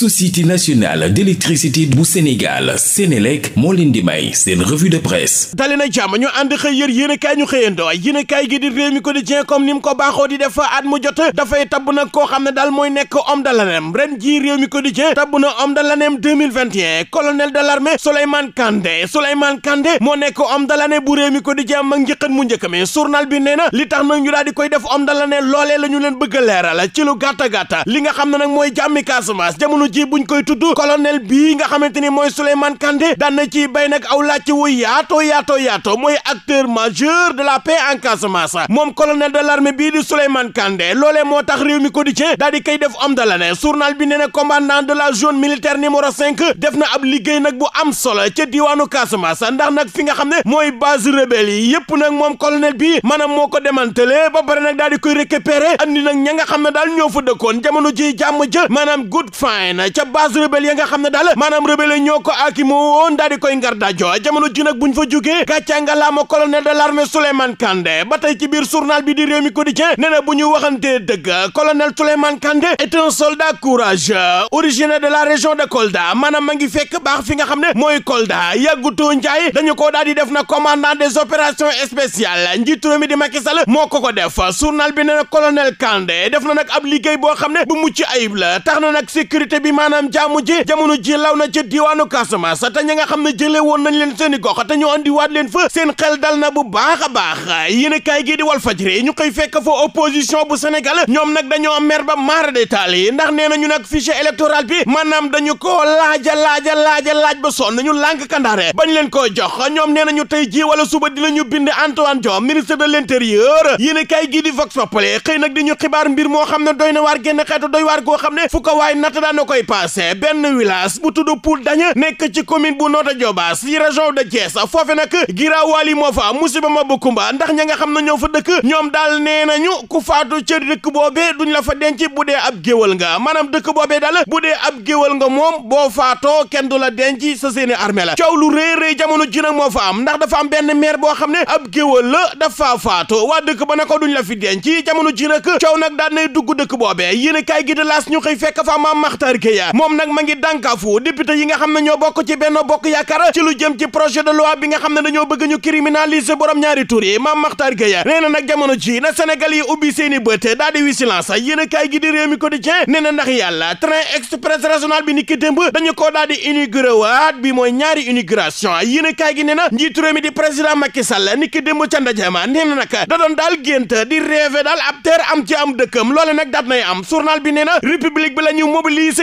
société nationale d'électricité bu Sénégal Sénélec moo leen di may seen revue de presse dali na jàmm ñu ànd xëy yër a kaay ñu xëyandoo yéen a kaay gi di réew mi quotidien comme ni mu ko baaxoo di def at mu jot dafay tabb nag koo xam ne daal mooy nekk homme de ren jii réew mi quotidien tabb na homme de l'année 2021 colonel Kandé Souleymane Kandé moo nekk homme de bu réew mi quotidien mag njëkkat mu njëkk mi journal bi nee na li tax ji buñ koy tudd colonel bii nga xamante ni mooy Souleymane Kandé daan na ciy béy nag aw laajte wu yaato yaato yaato mooy acteur majeur de la paix en Casamance moom colonel de l'armée bii di Souleymane Kandé loolee moo tax réew mi di daal di koy def homme de l'année journal bi nee na commandant de la zone militaire numéro cinq def na ab liggéey nag bu am solo ca diwaanu Casamance ndax nag fi nga xam ne mooy base rebelle yi yëpp nag moom colonel bi maanaam moo ko démantelé ba pare nag daal di koy récupérer andi nag ña nga xam ne daal ñoo fa dëkkoon jamono ji jàmm ja maanaam good fine ca base rebelle ya nga xam ne daal maanaam rebelle ñoo ko akimoo woon daal di koy ngar dajo jamono ji nag buñ fa jugee gàccaa nga laama colonel de l'armée Souleymane Kandé ba tey ci biir journal bi di réew mi quotidien nee na bu ñu dëgg colonel Souleymane Kandé est un soldat courageux originaire de la région de Kolda maanaam ma ngi fekk baax fi nga xam ne mooy Kolda yàggutoo Njaay dañu ko daal di def na commandant des opérations spéciales njiitu réew mi di Macky Sall moo ko ko def journal bi nee na colonel Kandé def boo xam ne bu mucc ayib la tax na nag bi bi maanaam jàmm ji jamono ji law na ci diwaanu Casamance te ña nga xam ne jëlee woon nañ leen seen i gox te ñu andiwaat leen fa seen xel dal na bu baax a baax yéen a kaay gii di Walf Fadjri ñu koy fekk fa opposition bu Sénégal ñoom nag dañoo mer ba maara de taal yi ndax nee na ñu nag fichier électoral bi maanaam dañu ko laaja laaja laaja laaj ba sonn ñu lànk kandaare bañ leen koo jox ñoom nee nañu tey ji wala suba di la ñu bind Antoine Diome ministre de l'intérieur yéen a kaay gii di Vox Populi xëy nag di ñu xibaar mbir moo xam ne doy na waar génn xeetu doy waar goo xam ne fu ko waay natt daan bay passé benn village bu tudd Poul Dagne nekk ci commune bu Notto Diobass ci région de Thiès foofe nag giraawaal yi moo fa musiba ma bu kumba ndax ña nga xam na ñëw fa dëkk ñoom daal nee nañu ku faatu ca dëkk boobee duñ la fa denc bu dee ab géwal nga maanaam dëkk boobee daal bu dee ab nga moom boo faatoo kenn du la denc sa seeni armée la coow lu rëy rëy jamono ji nag moo fa am ndax dafa am benn maire boo xam ne ab géwal la dafa faatu waa dëkk ba ne ko duñ la fi denc jamono ji nag coow nag daan dugg dëkk boobee Gueye moom nag ma ngi dànkaafu député yi nga xam ne ñoo bokk ci Benno Bokk Yaakaar ci lu jëm ci projet de loi bi nga xam ne dañoo bëgg ñu criminaliser borom ñaari tur yi Mame Makhtar Gueye nee na nag jamono ji na Sénégal yi ubbi seeni bët daal di vigilance yéen a kaay gi di Rewmi Quotidien na ndax yàlla train express régional bi ni ki démb dañu koo daal di inauguré waat bi mooy ñaari inauguration yéen a kaay gi nee na njiitu mi di président Macky Sall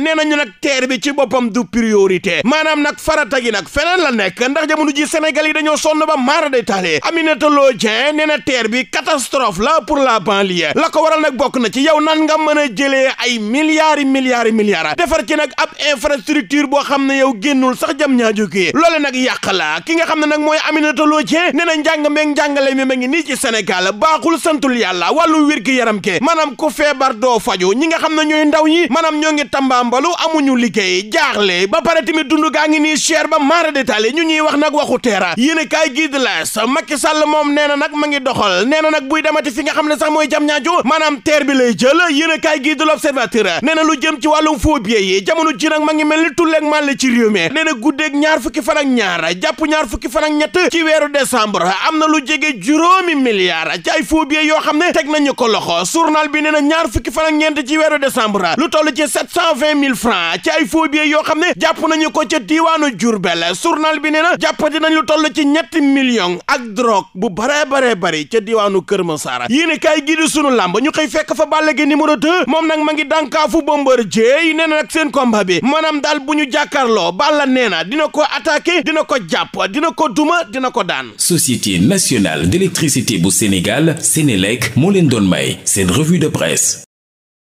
nee nañu nag teer bi ci boppam du priorité maanaam nag farata gi nag feneen la nekk ndax jamono ji Sénégal yi dañoo sonn ba maara de taale Aminata Lo Dieng nee na teer bi catastrophe la pur la banlieue la ko waral nag bokk na ci yow nan nga mën a jëlee ay milliards milliards milliards defar ci nag ab infrastructure boo xam ne yow génnul sax jam ñaajo ki loole nag yàq la ki nga xam ne nag mooy Aminata Lo Dieng nee na njàng meeg njàngale mi ma ngi nii ci Sénégal baaxul santul wàllu wér gi yaram ke feebar doo faju ñi nga xam ne ñooy ndaw ñi maanaam ñoo ngi tamba yombalu amuñu liggéey jaaxle ba pare tamit dund gaa ngi nii cher ba maara détaillé ñu ñuy wax nag waxu teera yéen kaay gii di lees Macky Sall moom nee na nag ma ngi doxal nee na nag buy demati fi nga xam ne sax mooy jam ñaajo maanaam teer bi lay jël yéen kaay gii di l'observateur nee na lu jëm ci wàllu phobie yi jamono ji nag ma ngi mel ni tulleeg màlle ci réew mi nee na guddeeg ñaar fukki fan ñaar jàpp ñaar fukki fan ñett ci weeru décembre am na lu jege juróomi milliards ci ay phobie yoo xam ne teg nañu ko loxo journal bi nee na ñaar fukki fan ak ci weeru décembre lu toll ci mille francs ci ay faux billets yoo xam ne jàpp nañu ko ca diiwaanu Jurbel surnal bi nee na jàppati dinañu lu toll ci ñetti millions ak drogue bu baree baree bari ca diwaanu Kër Masara yéen kaay gi di sunu làmb ñu xëy fekk fa Balla Gaye numéro 2 moom nag ma ngi dànkaafu Bombardier yi nee na nag seen combat bi maanaam daal bu ñu jàkkaarloo Balla nee na dina ko attaqué dina ko jàpp dina ko duma dina ko daan. Société nationale d'électricité bu Sénégal Sénélec moo leen doon may seen revue de presse.